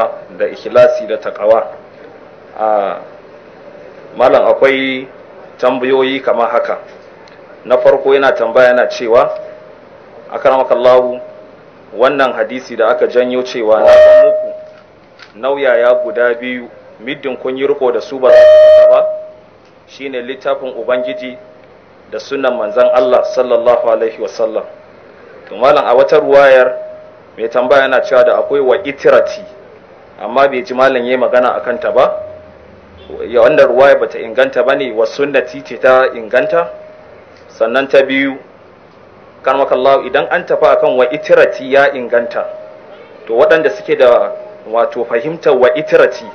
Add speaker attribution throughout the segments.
Speaker 1: sadaka da ikhlasi da taqawa a malam akwai tambayoyi kamar haka na farko yana tambaya yana cewa Allah wannan hadisi da aka janyo cewa na san muku ya guda biyu middin kun yi riko da su ba za ba shine littafin ubangiji da sunan manzon Allah sallallahu alaihi wasallam to malam a wata ruwayar mai tambaya yana cewa da akwai wa itirati amma bai ji malam yayi magana akan ta ba ya ruwa ruwaya bata inganta bane wa sunnati ce ta inganta sannan ta biyu karmakallahu idan an tafi akan wa itirati ya inganta to waɗanda suke da wato fahimtar wa itirati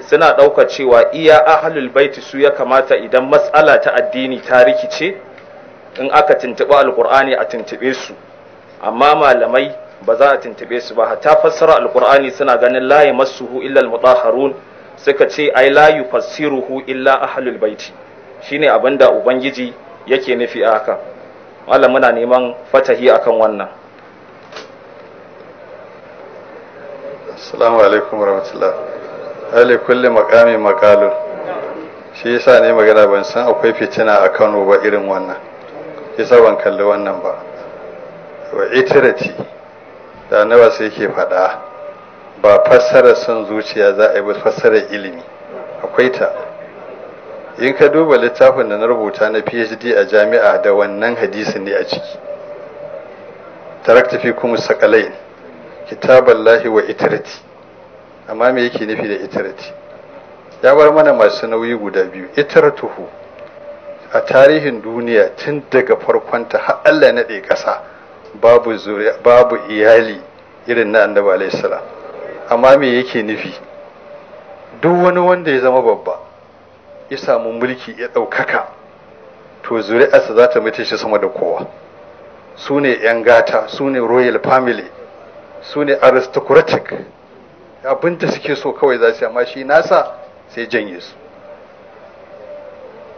Speaker 1: suna ɗauka cewa iya ahalul baiti su ya kamata idan matsala ta addini ta rikice in aka tuntuɓi alkur'ani a tuntuɓe su amma malamai ba za a tuntube su ba hatta fassara alqur'ani suna ganin la yamassuhu illa almutahharun suka ce ai la yufassiruhu illa ahlul baiti shine abinda ubangiji yake nufi a haka Allah muna neman fatahi akan wannan
Speaker 2: assalamu alaikum warahmatullah ali kulli maqami maqalul shi yasa ne magana ban san akwai fitina a Kano ba irin wannan yasa ban kalli wannan ba wa itirati da nawa sai ke faɗa ba fassara son zuciya za a yi ba fassara ilimi akwai ta in ka duba littafin da na rubuta na phd a jami'a da wannan hadisi ne a ciki tarakta kuma sakalai kitaballahi wa itirati amma me yake nufi da itirati ya bar mana masu nauyi guda biyu itiratuhu a tarihin duniya tun daga farkonta har Allah naɗe ƙasa babu babu iyali irin na annabi alayhi salam amma me yake nufi duk wani wanda ya zama babba ya samu mulki ya ɗaukaka to zuri'arsa za ta mutu shi sama da kowa su ne 'yan gata su ne royal family su ne aristocratic da suke so kawai za su amma shi nasa sai janye su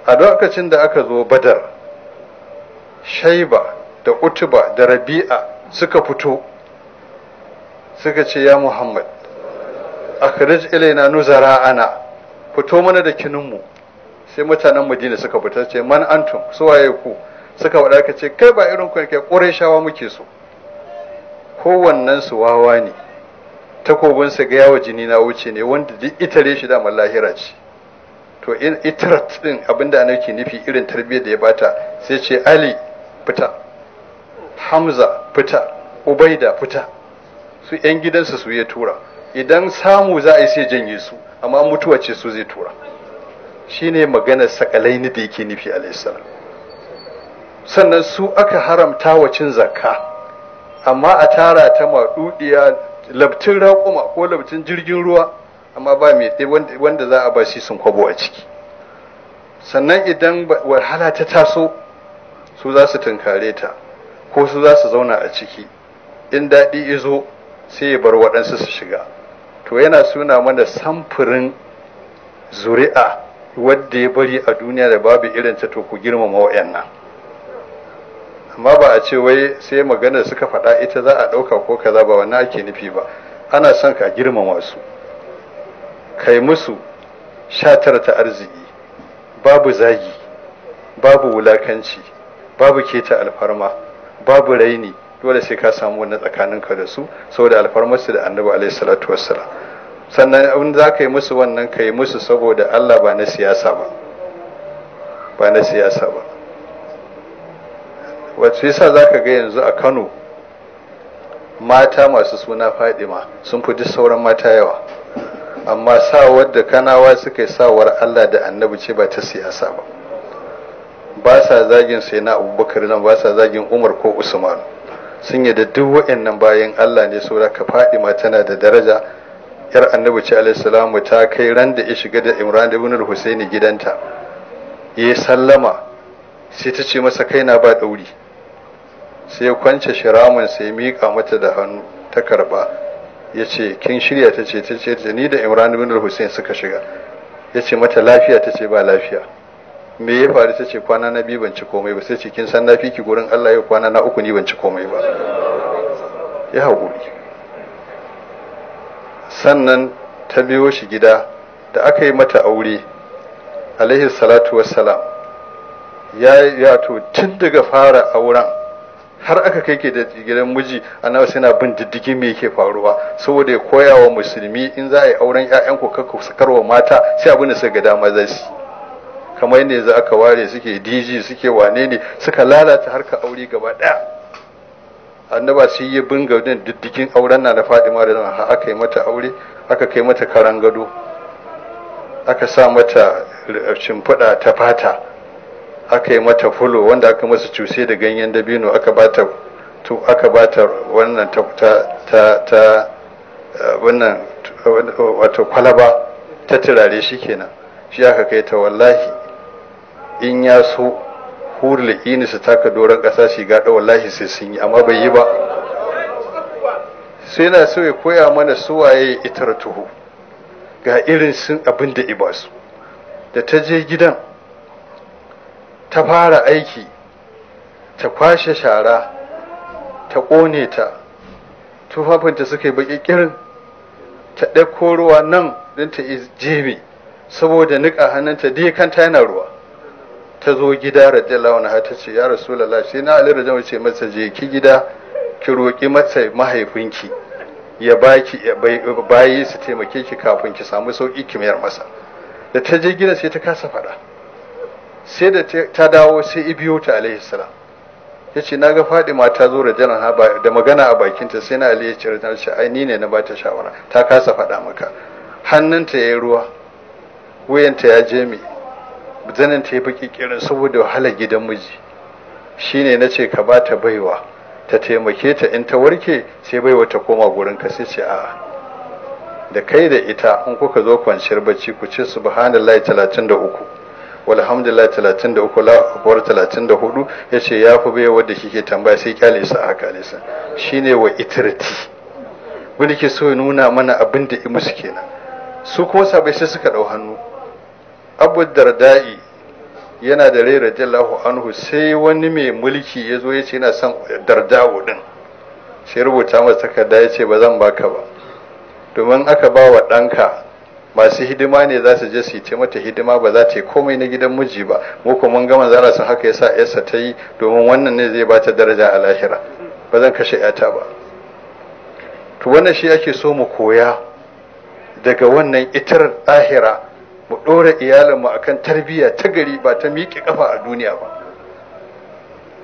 Speaker 2: a lokacin da aka zo badar shaiba da utuba da rabi'a suka fito suka ce ya muhammad akhrij ilaina nuzara ana fito mana da kininmu sai mutanen madina suka fita ce man antum suwaye ku suka wada ka ce kai ba irin ku ke muke so kowannen su wawa ne takobinsa ga yawa jini na wuce ne wanda duk itare shi da lahira ce to in itarat din abinda nake nufi irin tarbiyyar da ya bata sai ce ali fita hamza fita ubaida fita su yan gidansa su ya tura idan samu za a yi sai janye su amma mutuwa ce su zai tura shine maganar sakalaini da yake nufi alaihissalam sannan su aka haramta wa cin zaka, amma a tara ta maɗuɗiya labtin raƙuma ko labtin jirgin ruwa amma ba mai wanda za a ba shi sun kwabo a ciki sannan idan wahala ta taso su za su tunkare ta ko su za su zauna a ciki in daɗi izo sai ya bar waɗansu su shiga to yana suna mana samfurin zuri'a wadda ya bari a duniya da babu irin ta to ku girmama wa'annan amma ba a ce wai sai maganar suka faɗa ita za a ɗauka ko kaza ba wannan ake nufi ba ana son ka girmama su kai musu shatar ta arziki babu zagi babu wulakanci babu keta alfarma babu raini dole sai ka samu wannan tsakaninka da su saboda alfarmarsu da annabi alaihi salatu wassalam sannan in za ka yi musu wannan ka yi musu saboda Allah ba na siyasa ba ba na siyasa ba wacce yasa za ka ga yanzu a Kano mata masu suna Fadima sun fi duk sauran mata yawa amma sawar da kanawa suka yi sawar Allah da annabi ce ba ta siyasa ba ba sa zagin sai na abubakar nan ba sa zagin umar ko usman sun yadda duk waɗannan bayan allah ne saboda ka fadima tana da daraja yar annabi ce alaihi ta kai ran da ya shiga da imran ibn husaini gidanta ya sallama sai ta ce masa na ba dauri sai ya kwance shiramun sai ya miƙa mata da hannu ta karba ya ce kin shirya ta ce ta ce ni da imran ibn al suka shiga ya ce mata lafiya ta ce ba lafiya me ya faru ta ce kwana na biyu ban ci komai ba sai ce kin san na fiki gurin Allah ya kwana na uku ni ban ci komai ba ya haƙuri sannan ta biyo shi gida da aka yi mata aure alaihi salatu wassalam ya to tun daga fara auren har aka kai ke da gidan miji annabi sai na bin diddigin me yake faruwa saboda ya koya wa musulmi in za a yi auren 'ya'yanku kakku karwa mata sai abin da suka ga dama za su kamar ne za aka ware suke dj suke wane ne suka lalata harka aure gaba ɗaya annaba sai yi binga din diddikin auren na da fadima da zama aka yi mata aure aka kai mata karan gado aka sa mata shimfiɗa ta fata aka yi mata fulo wanda aka masa cuse da ganyen dabino aka bata to aka bata wannan ta ta ta wannan wato kwalaba ta turare shi kenan shi aka kai ta wallahi in ya so hurul ini su taka doron ƙasa shi gaɗa wallahi sai sun yi amma bai yi ba sai na so ya koya mana suwaye itar tuhu ga irin sun abin da iba su da ta je gidan ta fara aiki ta kwashe shara ta ƙone ta tufafinta suka yi baƙi ƙirin ta ɗauko ruwa nan don ta jemi saboda niƙa hannunta dai kanta yana ruwa ta zo gida radiyallahu anha ta ce ya rasulullahi sai na ali radiyallahu ce masa je ki gida ki roki masa mahaifinki ya baki bayi su taimake ki kafin ki samu sauki ki mayar masa da ta je gida sai ta kasa faɗa sai da ta dawo sai ibiyo ta alaihi salam ya ce na ga fadima ta zo da da magana a bakinta sai na ali ya ce rajin ai ni ne na bata shawara ta kasa faɗa maka hannunta ya yi ruwa wayanta ya je zanen ta yi baki kirin saboda wahalar gidan miji Shi ne na ce ka ta baiwa ta taimake ta in ta warke sai baiwa ta koma gurin ka sai ce a'a da kai da ita in kuka zo kwanciyar bacci ku ce subhanallahi 33 walhamdulillah 33 la akwar 34 yace ya fi baiwa da kike tambaya sai kyale sa a kyale shi ne wa itirti wani ke so ya nuna mana abin da musu kenan su kuma sabai sai suka ɗau hannu abu dardai yana da rai radiyallahu anhu sai wani mai mulki ya zo ya ce yana son dardawo din sai rubuta masa takarda ya ce ba zan baka ba domin aka ba wa ɗanka masu hidima ne za su je su yi mata hidima ba za ta yi komai na gidan miji ba mu kuma mun gama zara sun haka yasa yarsa ta yi domin wannan ne zai bata daraja a lahira ba zan kashe yata ba to wannan shi ake so mu koya daga wannan itar lahira mu ɗora iyalinmu a kan tarbiyya ta gari ba ta miƙe ƙafa a duniya ba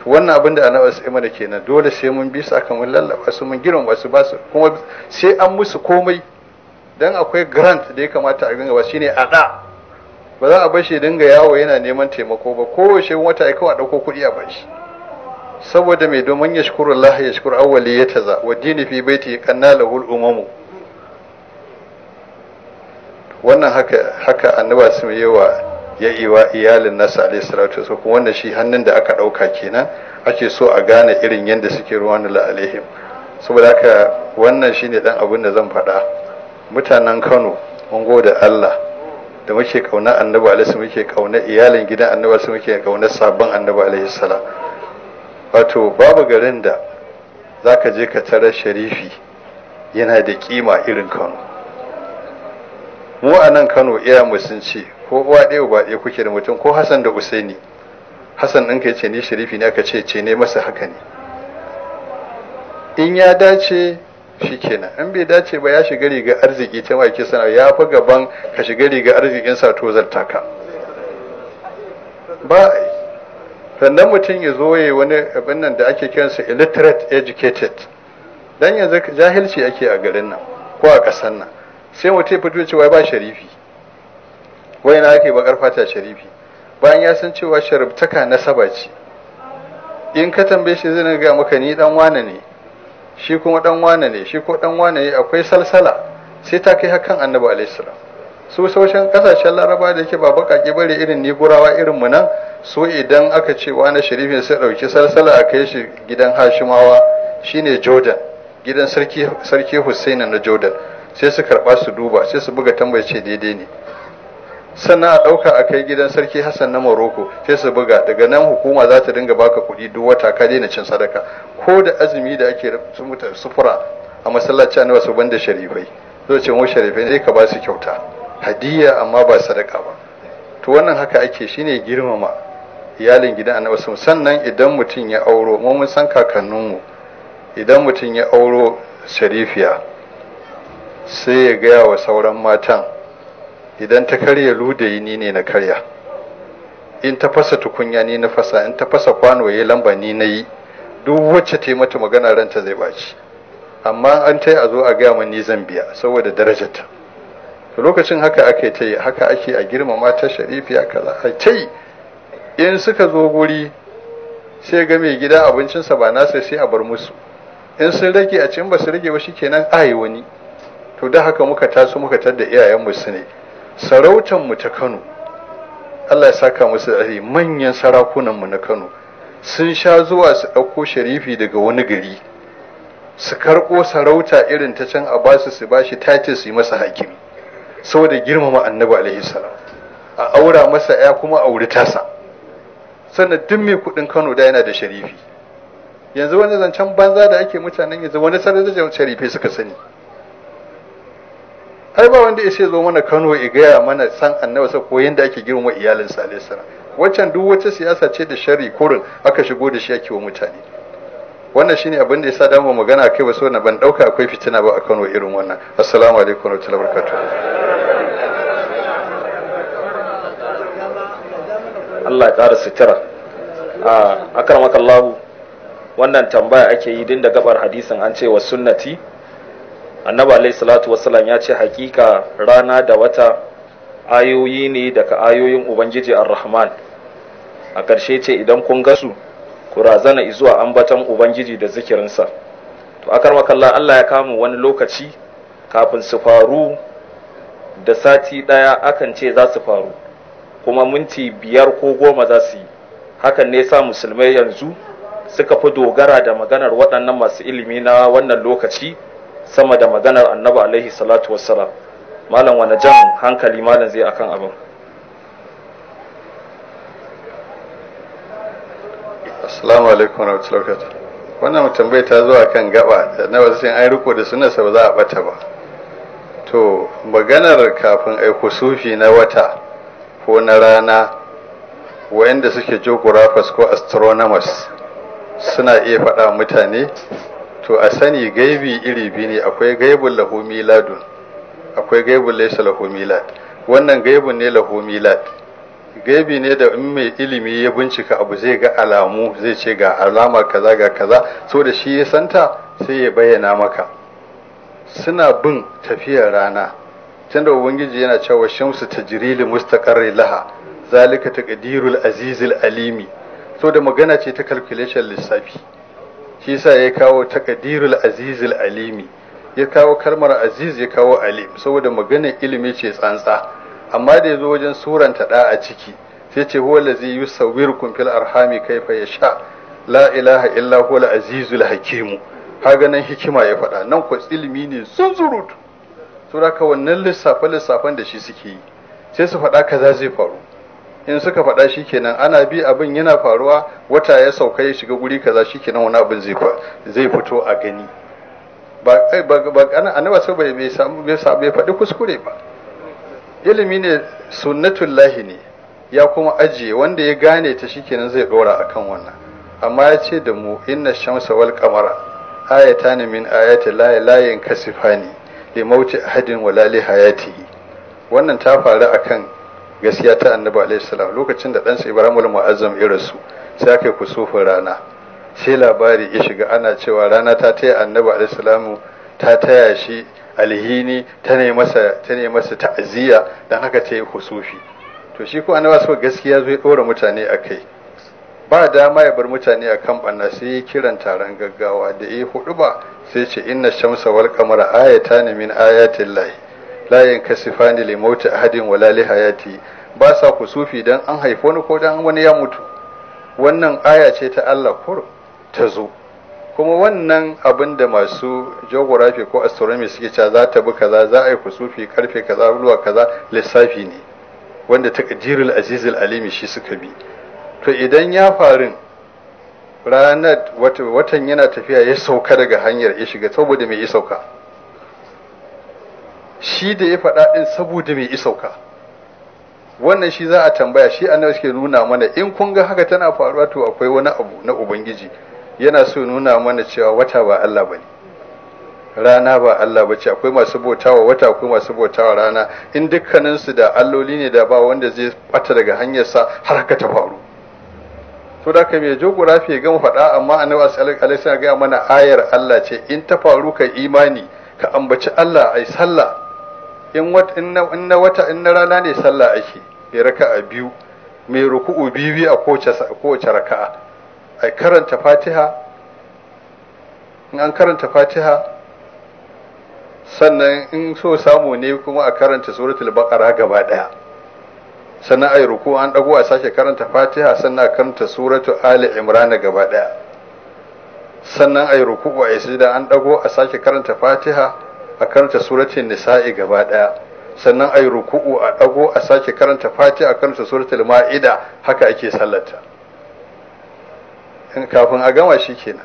Speaker 2: wannan abin da annabi sai mana kenan dole sai mun bi su lallaba su mun girma wasu ba su kuma sai an musu komai dan akwai grant da ya kamata a ganga ba shine a da ba za a bar shi dinga yawo yana neman taimako ba kowace wata ai kawai ɗauko kuɗi a bashi saboda mai domin yashkurullahi yashkur taza, wa dini fi baiti kanna lahul umamu wannan haka haka annaba su yi wa ya yi wa iyalin nasa alayhi salatu wasu kuma wannan shi hannun da aka ɗauka kenan ake so a gane irin yadda suke ruwan la alaihim saboda haka wannan shi ne dan abin da zan faɗa mutanen Kano mun da Allah da muke kauna annaba alayhi salatu muke kauna iyalin gidan annaba su muke kauna sabon annaba alayhi salam wato babu garin da zaka je ka tarar sharifi yana da kima irin Kano mu a nan kano iya sun ce ko uwa ɗaya uba ɗaya kuke da mutum ko hassan da usaini hassan ɗin ka ce ni sharifi ne aka ce ce ne masa haka ne in ya dace shi kenan in bai dace ba ya shiga riga arziki ta mai sana ya fi gaban ka shiga riga arzikin sa to zarta ka ba sannan mutum ya zo ya wani abin nan da ake kiransa illiterate educated dan yanzu jahilci ake a garin nan ko a ƙasar nan sai mu tafi fito cewa ba sharifi wai na ake bakar fata sharifi bayan ya san cewa sharibtaka nasaba ce in ka tambaye shi zai ga maka ni dan wane ne shi kuma dan wane ne shi ko dan wane ne akwai salsala sai ta kai hakan annabi alaihi salam su saushen kasashen laraba da yake ba bakake bare irin ni gurawa irin mu nan so idan aka ce wani sharifin sai dauki salsala a kai shi gidan hashimawa shine jordan gidan sarki sarki husaina na jordan sai su karɓa su duba sai su buga tambayi ce daidai ne sannan a ɗauka a kai gidan sarki hassan na morocco sai su buga daga nan hukuma za ta dinga baka kuɗi duk wata ka daina cin sadaka ko da azumi da ake sufura a masallaci annabi su banda sharifai zai ce mu sharifai sai ka ba su kyauta hadiya amma ba sadaka ba to wannan haka ake shine girmama iyalin gidan annabi sannan idan mutum ya auro mu mun san kakanninmu idan mutum ya auro sharifiya sai ya gaya wa sauran matan idan ta karya ludayi ni ne na karya in ta fasa tukunya ni na fasa in ta fasa kwano ya lamba ni na yi duk wacce ta yi mata magana ranta zai baci amma an ta yi a zo a gaya mani zan biya saboda ta. lokacin haka ake ta yi haka ake a girmama ta sharifiya kaza a ta yi in suka zo guri sai ga mai gida abincinsa ba nasa sai a bar musu in sun rage a cin ba su rage ba kenan ayi wani to da haka muka taso muka tadda iyayenmu su ne mu ta kano allah ya saka musu da manyan sarakunanmu na kano sun sha zuwa su ɗauko sharifi daga wani gari su karko sarauta irin ta can a basu su bashi tace su yi masa hakimi saboda girmama annabi alaihi salam a aura masa ya kuma auri tasa sannan duk mai kuɗin kano da yana da sharifi yanzu wani zancen banza da ake mutanen yanzu wani sanar da sharifai suka sani ai ba wanda ya ce zo mana Kano ya gaya mana san annabi sa ko yanda ake girma iyalin sa alaihi waccan duk wata siyasa ce da sharri kurin aka shigo da shi ake wa mutane wannan shine abin da yasa dan mu magana kai ba so na ban dauka akwai fitina ba a Kano irin wannan assalamu alaikum wa rahmatullahi wa barakatuh
Speaker 1: Allah ya ƙara sutura a akaramakallahu wannan tambaya ake yi din da gabar hadisin an ce wa sunnati annaba alai salatu wasalam ya ce hakika rana da wata ayoyi ne daga ayoyin ubangiji a rahman a ƙarshe ce idan kun gasu ku razana zuwa ambaton ubangiji da zikirinsa to akar kalla Allah ya kama wani lokaci kafin su faru da sati ɗaya akan ce za su faru kuma minti biyar ko goma za su yi hakan ne sa musulmai yanzu suka fi dogara da maganar waɗannan masu ilimi na wannan lokaci sama da maganar annaba alaihi salatu wassalam malam wani jan hankali malam zai akan abin
Speaker 2: assalamu alaikum wa rahmatullahi wannan bai ta zuwa kan gaba da na wasu sai an riko da sunansa ba za a bata ba to maganar kafin aiko sufi na wata ko na rana wayanda suke jogorafas ko astronomers suna iya faɗa mutane to a sani gaibi iri biyu ne akwai gaibun lahu miladun akwai gaibun Laisa lahu milad wannan gaibun ne lahu milad gaibi ne da in mai ilimi ya bincika abu zai ga alamu zai ce ga alama kaza ga kaza so da shi ya santa sai ya bayyana maka suna bin tafiyar rana tunda ubangiji yana cewa shamsu jirili mustaqarri laha zalika taqdirul azizil alimi so da magana ce ta calculation lissafi shi yasa ya kawo takadirul azizul alimi ya kawo kalmar aziz ya kawo alim saboda maganar ilimi ce tsantsa amma da ya zo wajen suranta da a ciki sai ce huwa allazi yusawwirukum fil arhami kayfa yasha la ilaha illa huwa al azizul hakim kaga nan hikima ya faɗa nan ko ilimi ne zurutu sura ka wannan lissafe lissafen da shi suke yi sai su faɗa kaza zai faru in suka faɗa shi kenan ana bi abin yana faruwa wata ya sauka ya shiga guri kaza shi kenan wani abin zai fito a gani ba eh, annaba sai bai bai faɗi kuskure ba ilimi ne sunnatullahi ne ya kuma ajiye wanda ya gane ta shi kenan zai ɗora akan wannan amma ya ce da mu inna shamsa wal qamara ayatan min ayati layin la yankasifani li mauti ahadin wala li hayatihi wannan ta faru akan gaskiya ta annabi alaihi salam lokacin da ɗansa ibrahimul mu'azzam ya rasu sai aka yi kusufin rana sai labari ya shiga ana cewa rana ta taya annabi alaihi salam ta taya shi alhini ta ne masa ta ne masa ta'aziyya dan haka ta yi kusufi to shi ko annabi so gaskiya zai dora mutane akai ba dama ya bar mutane akan banna sai ya kiran taron gaggawa da ya hudu ba sai ce inna shamsa wal qamara ayatan min ayatin lahi la kasifani li mauti ahadin wala li hayati ba sa kusufi dan an haifi wani ko dan wani ya mutu wannan aya ce ta Allah kur ta zo kuma wannan abin da masu geography ko astronomy suke cewa za ta bi kaza za a yi kusufi karfe kaza zuwa kaza lissafi ne wanda takdirul azizul alimi shi suka bi to idan ya farin ranar watan yana tafiya ya sauka daga hanyar ya shiga saboda mai ya sauka shi da ya faɗa ɗin saboda mai isauka wannan shi za a tambaya shi annabi suke nuna mana in kun ga haka tana faruwa to akwai wani abu na ubangiji yana so nuna mana cewa wata ba Allah ba ne rana ba Allah ba ce akwai masu bautawa wata akwai masu bautawa rana in dukkaninsu da alloli ne da ba wanda zai bata daga hanyarsa har haka ta faru to da kai mai jogorafi ya gama faɗa amma annabi alaihi wasallam ga mana ayar Allah ce in ta faru ka imani ka ambaci Allah ai sallah in wata in na wata in na rana ne sallah ake mai raka'a biyu mai ruku'u biyu a kowace raka'a ai karanta fatiha in an karanta fatiha sannan in so samu ne kuma a karanta suratul baqara gaba daya sannan ai ruku an dago a sake karanta fatiha sannan a karanta suratul ali imran gaba daya sannan ai ruku a sujda an dago a sake karanta fatiha a karanta suratul nisa'i gaba daya sannan ayi ruku'u a dago a sake karanta fatiha a karanta suratul ma'ida haka ake sallata in kafin a gama shi kenan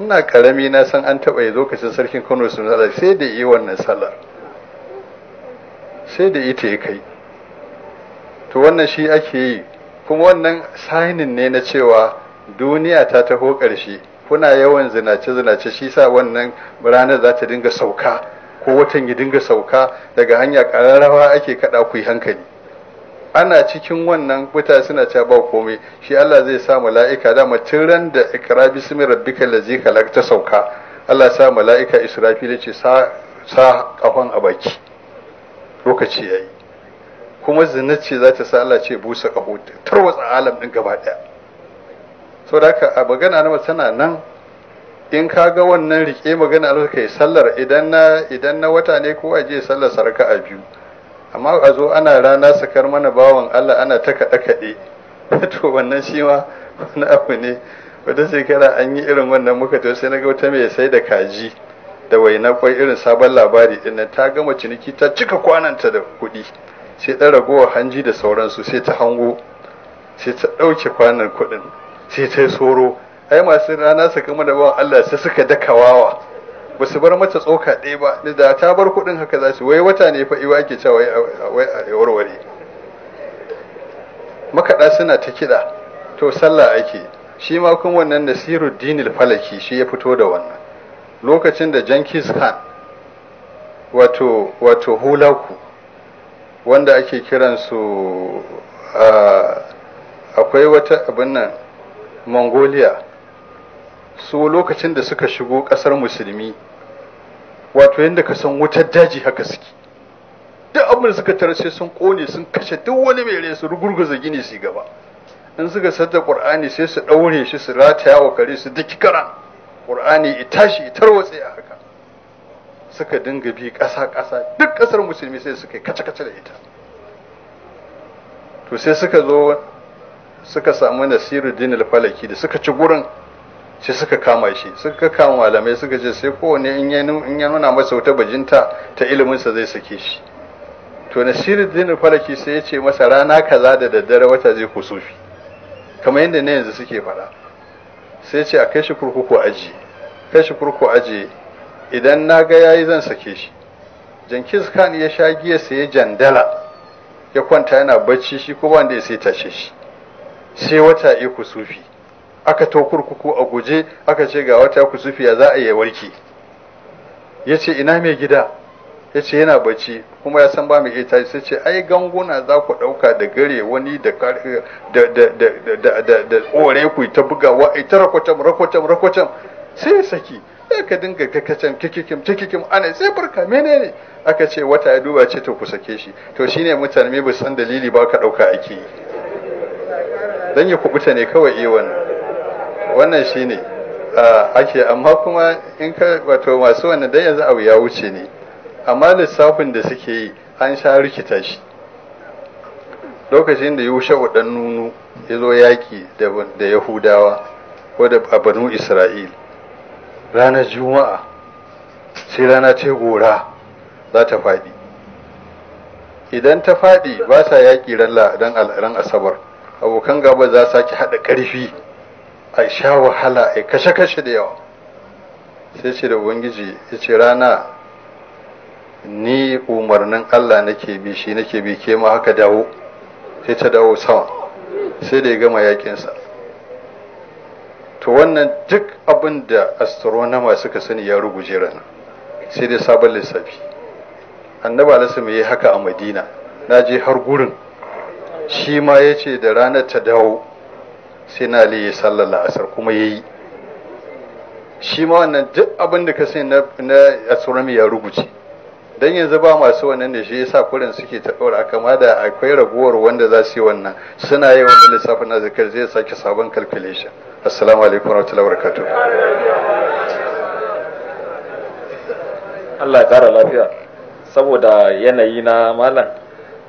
Speaker 2: ina karami na san an taba yi lokacin sarkin Kano sun sai da yi wannan sallar sai da ita ya kai to wannan shi ake yi kuma wannan sainin ne na cewa duniya ta taho ƙarshe kuna yawan zinace zinace shi sa wannan ranar za ta dinga sauka ko watan ya dinga sauka daga hanya kararrawa ake kada ku yi hankali ana cikin wannan mutane suna cewa ba komai shi Allah zai sa mala'ika da matiran da ikra bismi rabbika allazi khalaq ta sauka Allah sa mala'ika Israfil ce sa sa kafan a baki lokaci yayi kuma zinace zata za ta sa Allah ce busa kaho tarwatsa alam din gaba daya Sau ka a magana na tana nan in ka ga wannan rike magana Allah kai sallar idan na idan na wata ne ko aje sallar sarka a biyu amma a zo ana rana sakar mana bawan Allah ana ta kaɗe kaɗe to wannan shi ma wani abu ne wata shekara an yi irin wannan muka to sai na ga wata mai sai da kaji da waina kwai irin sabon labari din ta gama ciniki ta cika kwananta da kuɗi sai ɗan ragowar hanji da sauransu sai ta hango sai ta ɗauke kwanan kuɗin sai ta tsoro ai masu rana su kama da bawan Allah sai suka daka wawa ba su bar mata tsoka ɗaya ba da ta bar kuɗin haka za su wai wata ne fa iwa ake cewa wai a warware makaɗa suna ta kiɗa to sallah ake shi ma kun wannan nasiru dinil falaki shi ya fito da wannan lokacin da jankis khan wato wato hulaku wanda ake kiransu ah, akwai wata abin nan mongolia su lokacin da suka shigo ƙasar musulmi wato yadda ka san wutar daji haka suke duk abin da suka tara sai sun ƙone, sun kashe duk wani mai rai su rugurguza gini su gaba in suka sadda qur'ani sai su ɗaure shi su rataya wa kare su duk karan qur'ani ya tashi ya tarwatse a haka suka dinga bi ƙasa ƙasa duk ƙasar musulmi sai suka kace kace da ita to sai suka zo suka samu nasiru din falaki da suka ci gurin sai suka kama shi suka kama malamai suka ce sai kowane in ya nuna masa wata bajinta ta iliminsa zai sake shi to nasiru din falaki sai ya ce masa rana kaza da daddare wata zai kusufi kamar yadda na yanzu suke faɗa sai ce a kai shi kurkuku aji kai shi kurkuku aji idan na ga yayi zan sake shi jankis khan ya sha giya sai ya jandala ya kwanta yana bacci shi ko wanda ya sai tashe shi sai wata ya kusufi aka to kurkuku a guje aka ce ga wata kusufi ya za a yi warke ya ce ina mai gida ya ce yana bacci kuma ya san ba mai iya ya ce ai ganguna za ku ɗauka da gare wani da ƙore ku ta bugawa a ita rakwatam rakwatam sai ya saki sai ka dinga kakacin kikikim kikikim ana sai barka ne. aka ce wata ya duba ce ta ku sake shi to shine mutane ba san dalili ba ka ɗauka ake yi don ya kubuta ne kawai iya eh wannan wannan shi ne ake amma kuma in ka wato masu wannan dan yanzu abu ya wuce ne amma lissafin da suke yi an sha rikita shi lokacin da yusha ɗan nunu ya zo yaƙi da yahudawa ko da banu isra'il ranar juma'a sai rana ce gora za ta faɗi idan ta faɗi ba sa yaƙi ran asabar abokan gaba za su sake haɗa ƙarfi a sha wahala a kashe-kashe da yawa sai ce da ubangiji ya ce rana ni umarnin allah nake bi shi nake bi ke ma haka dawo sai ta dawo sama sai da ya gama yakinsa to wannan duk abin da astronomer suka sani ya ruguje rana sai dai sabon lissafi annaba lissafi ya yi haka a madina na je har gurin shi ma ya ce da ranar ta dawo sai na liye sallala asar kuma ya yi shi ma wannan duk abin da ka sai na astronomy ya rubuce dan yanzu ba masu wannan da shi yasa kurin suke ta daura kama da akwai raguwar wanda za su yi wannan suna yi wannan lissafin na zikir zai sake sabon calculation assalamu alaikum warahmatullahi wabarakatuh Allah ya kara lafiya
Speaker 1: saboda yanayi na malam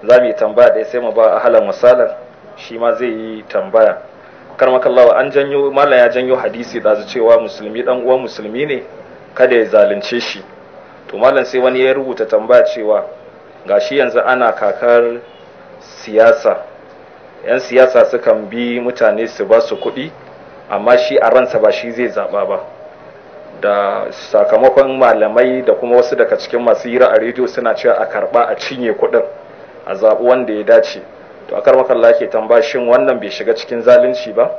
Speaker 1: za mu yi tambaya da sai mu ba ahalan wasalan shi ma zai yi tambaya Kar karmakallawa an janyo malam ya janyo hadisi da cewa musulmi dan uwan musulmi ne kada ya zalunce shi to malam sai wani ya rubuta tambaya cewa gashi yanzu ana kakar siyasa yan siyasa sukan bi mutane su ba su kuɗi amma shi a ransa ba shi zai zaɓa ba da sakamakon malamai da kuma wasu daga cikin masu hira a rediyo suna cewa a karɓa a cinye kuɗin a zaɓi wanda ya dace to a karɓar makalla ke tambashin wannan bai shiga cikin zalunci ba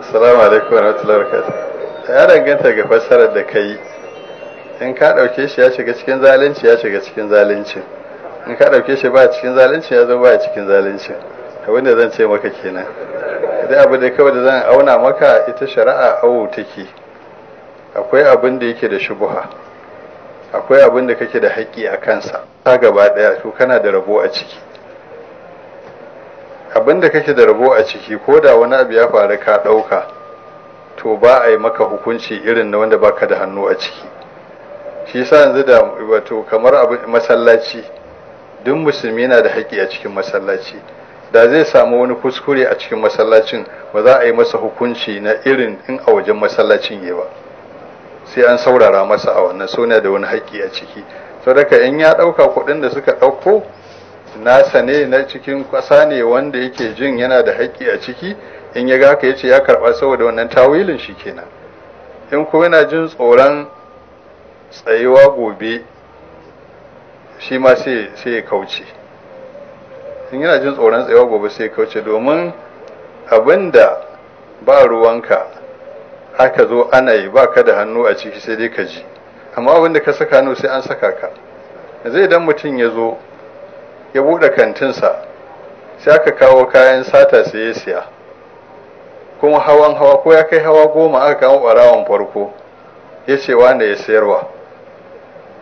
Speaker 2: assalamu alaikum wa rahmatullahi wa ya danganta ga fassarar da kai in ka ɗauke shi ya shiga cikin zalunci ya shiga cikin zalunci in ka ɗauke shi ba cikin zalunci ya zama ba cikin zalunci abin da zan ce maka kenan dai abu da kawai da zan auna maka ita shari'a awo take akwai abin da yake da shubuha akwai abin da kake da haƙƙi a kansa ta gaba ɗaya to kana da rabo a ciki abin da kake da rabo a ciki ko da wani abu ya faru ka ɗauka to ba a yi maka hukunci irin na wanda baka da hannu a ciki shi yasa yanzu da wato kamar masallaci duk musulmi yana da haƙƙi a cikin masallaci da zai samu wani kuskure a cikin masallacin ba za a yi masa hukunci na irin in a wajen masallacin ya ba sai an saurara masa a wannan suna da wani haƙƙi a ciki sadaka in ya ɗauka kuɗin da suka ɗauko nasa ne na cikin ƙasa ne wanda yake jin yana da haƙƙi a ciki in ya gaka ya ce ya karɓa saboda wannan tawilin shi kenan in kuma yana jin tsoron tsayuwa gobe shi ma sai ya kauce in yana jin tsoron tsayuwa gobe sai ya kauce domin abin da ba ruwanka aka zo ana yi ba ka da hannu a ciki sai dai ka ji amma abin da ka saka hannu sai an saka ka zai dan mutum ya zo ya buɗe kantinsa sai aka kawo kayan sata sai ya siya kuma hawan hawa ko ya kai hawa goma aka kawo ɓarawan farko ya ce wanda ya sayarwa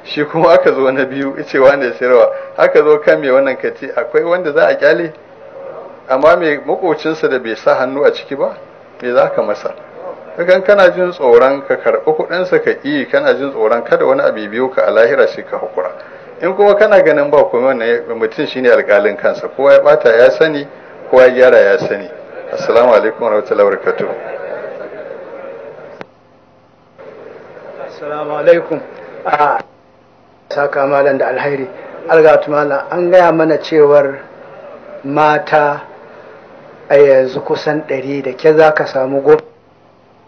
Speaker 2: shi kuma aka zo na biyu ya ce wanda ya sayarwa aka zo kan mai wannan kati akwai wanda za a kyale amma mai makocinsa da bai sa hannu a ciki ba me za ka masa kan kana jin tsoron ka karɓi kuɗinsa ka iya kana jin tsoron kada wani abu biyo ka a lahira shi ka hakura in kuma kana ganin ba kuma wannan mutum shine alƙalin kansa kowa ya bata ya sani kowa ya gyara ya sani assalamu alaikum wa wabarakatuh
Speaker 1: assalamu alaikum a ah, saka malam da alhairi algatu malam an gaya mana cewar mata a yanzu kusan ɗari da ke za ka samu goma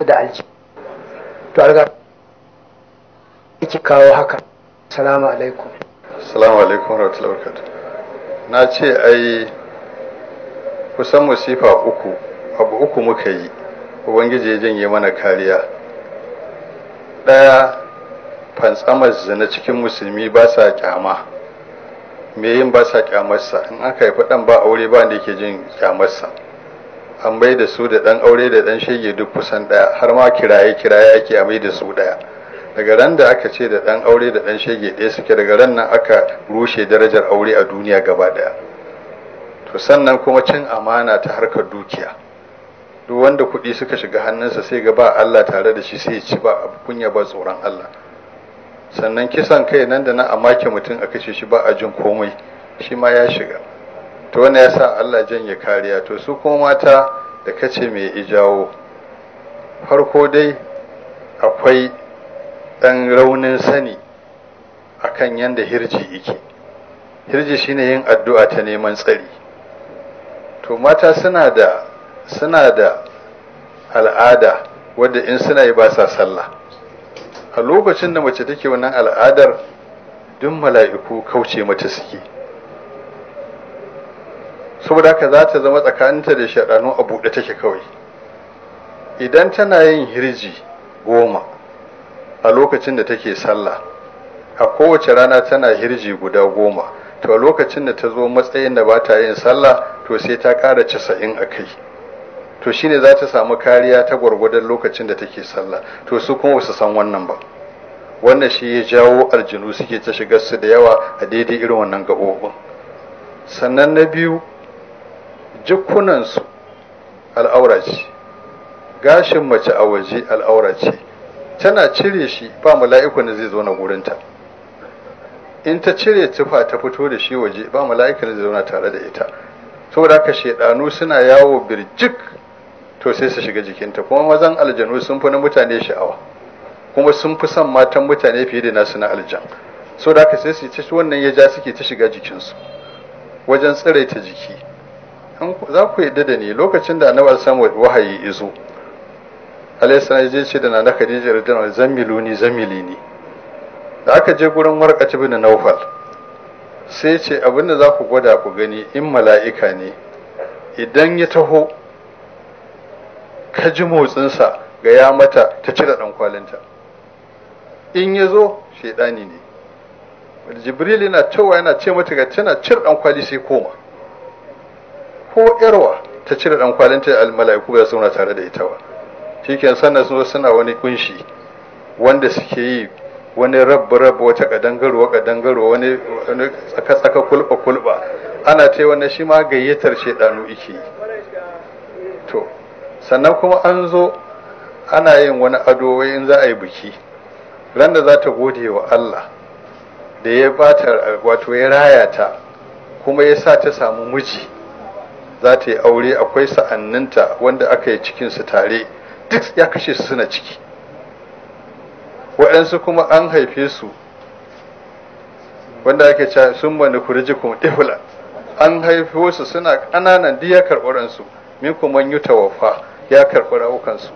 Speaker 1: da alji to alga yake kawo haka salamu alaikum
Speaker 2: salamu alaikum rahmatullahi wabarakatuh na ce ai kusan musifa uku abu uku muka yi ubangiji ya janye mana kariya ɗaya fantsamar zina cikin musulmi ba sa kyama me yin ba sa kyamarsa in aka haifi ɗan ba aure ba da yake jin kyamarsa an bai da su da ɗan aure da ɗan shege duk kusan ɗaya har ma kiraye kiraye ake a mai da su ɗaya daga ran da aka ce da ɗan aure da ɗan shege ɗaya suke daga ran nan aka rushe darajar aure a duniya gaba ɗaya to sannan kuma cin amana ta harkar dukiya duk wanda kuɗi suka shiga hannunsa sai ga ba Allah tare da shi sai ya ci ba kunya ba tsoron Allah sannan kisan kai nan da nan a mutum a kashe shi ba a jin komai shi ma ya shiga to wani ya sa Allah janye kariya to su kuma mata da kace mai ijawo farko dai akwai ɗan raunin sani akan yadda hirji yake hirji shine yin addu'a ta neman tsari to mata suna da suna da al'ada wadda in suna yi ba sa sallah a lokacin da mace take wannan al'adar duk mala'iku kauce mata suke saboda haka za ta zama tsakaninta da shaɗanu a buɗe take kawai idan tana yin hirji goma a lokacin da take sallah a kowace rana tana hirji guda goma to a lokacin da ta zo matsayin da ba ta yin sallah to sai ta ƙara casa'in a kai to shine za ta samu kariya ta gwargwadon lokacin da take sallah to su kuma su san wannan ba wannan shi ya jawo aljinu suke ta shigar su da yawa a daidai irin wannan gaɓoɓin sannan na biyu jikunansu al'aura ce gashin mace a waje al'aura ce tana cire shi ba mala'ikun da zai zo na gurinta in ta cire tufa ta fito da shi waje ba mala'ikun da zai zauna tare da ita da haka shedanu suna yawo birjik to sai su shiga jikinta kuma mazan aljanu sun fi na mutane sha'awa kuma sun fi son matan mutane fiye da nasu na aljan da haka sai su ci wannan ya ja suke ta shiga jikinsu wajen tsiraita jiki za ku yadda da ni lokacin da annabi samu wahayi izo alayhi salam je ce da na nana khadija radhiyallahu anha zamiluni zamilini da aka je gurin warqat ibn nawfal sai ce abinda za ku gwada ku gani in mala'ika ne idan ya taho ka ji motsinsa ga ya mata ta cire dan kwalinta in ya zo shaidani ne jibril yana cewa yana ce mata ga tana cire dan kwali sai koma ko yarwa ta cire dan kwalinta al mala'iku ba suna tare da ita ba shikenan sannan sun suna wani kunshi wanda suke yi wani rabu rabu wata kadangarwa kadangarwa wani tsaka tsaka kulba kulba ana ta wannan shi ma gayyatar shedanu yake yi to sannan kuma an zo ana yin wani ado in za a yi biki ran da za ta gode wa Allah da ya bata wato ya raya ta kuma ya sa ta samu miji za ta yi aure akwai sa'anninta wanda aka yi cikinsu tare duk ya kashe su suna ciki waɗansu kuma an haife su wanda ake cewa sun mani kurji kuma ɗihula an haife su suna ƙananan duk ya karɓi ransu min kuma yi tawafa ya karɓi aukansu.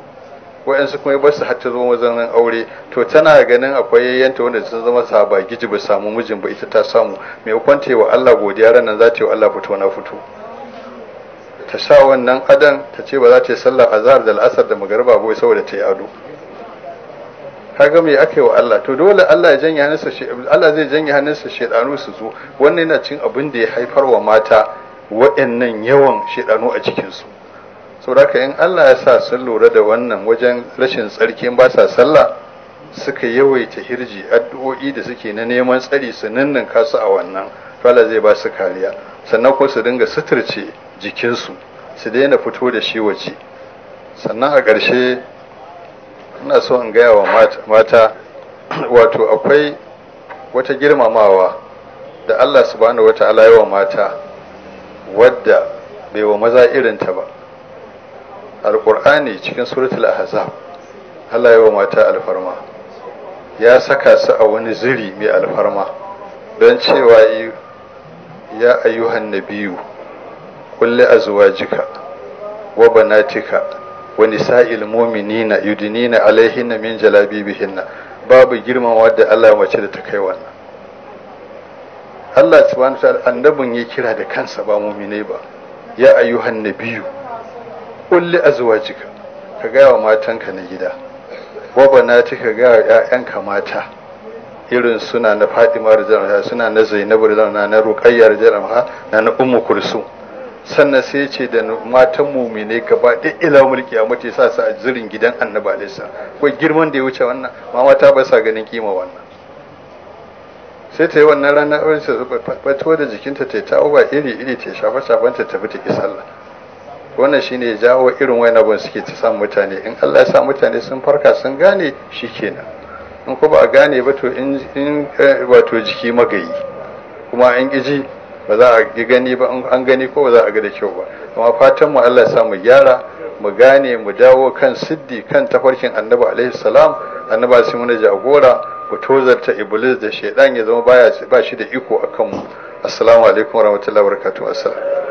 Speaker 2: waɗansu kuma ba su hatta zo mazanin aure to tana ganin akwai yayyanta wanda sun zama saba giji ba samu mijin ba ita ta samu mai kwanta wa Allah godiya ranar za ta yi wa Allah fito na fito ta sha wannan adan ta ce ba za ta yi sallar azhar da al'asar da magariba ba saboda ta yi ado kaga me aka wa Allah to dole Allah ya janye hannunsa Allah zai janye hannunsa shedanu su zo wannan yana cin abin da ya haifar wa mata waɗannan yawan shedanu a cikin su saboda in Allah ya sa sun lura da wannan wajen rashin tsarki ba sa sallah suka yawaita hirji addu'o'i da suke na neman tsari su ninninka su a wannan Fala zai ba su kariya sannan ko su dinga suturce jikinsu su daina fito da shi waje sannan a ƙarshe ina so in gaya wa mata wato akwai wata girmamawa da Allah subhanahu wata'ala wata wa mata wadda bai wa maza irinta ba alƙur'ani cikin suratul ahzab Allah ya wa mata alfarma ya saka su a wani zuri mai alfarma don cewa ya ayyuhan nabiyu wa لأزواجك وبناتك ونساء المؤمنين يدنين Alayhinna من جلابيبهن babu girmamawa da Allah mace da ta kai wannan Allah subhanahu wa annabin ya kira da kansa ba muminai ba ya ayyuhan nabiyyu qul li azwajika ka ga wa matanka na gida wa banati ka ga wa ƴaƴanka mata irin suna na Fatima radhiyallahu suna na zainab radhiyallahu na Ruqayyah radhiyallahu na na Ummu Kulsum sannan sai ya ce da matan mumine gaba ɗaya ila mulki a mace sa su a zirin gidan annabi alisa akwai girman da ya wuce wannan ma mata ba sa ganin kima wannan sai ta yi wannan rana a sa zuba fatuwa da jikinta ta ta ba iri iri ta shafa shafan ta ta ki sallah wannan shi ne jawo irin wani abin suke ta samun mutane in Allah ya sa mutane sun farka sun gane shi kenan. in ko ba a gane ba to in eh, wato jiki magayi kuma an ƙiji ba za a gani ba an gani ko ba za a ga da kyau ba amma fatan mu Allah sa mu gyara mu gane mu dawo kan siddi kan tafarkin annabi alaihi salam annabi sai muna jagora ku tozarta iblis da shaidan ya zama baya ba shi da iko akan mu assalamu alaikum warahmatullahi wabarakatuh assalam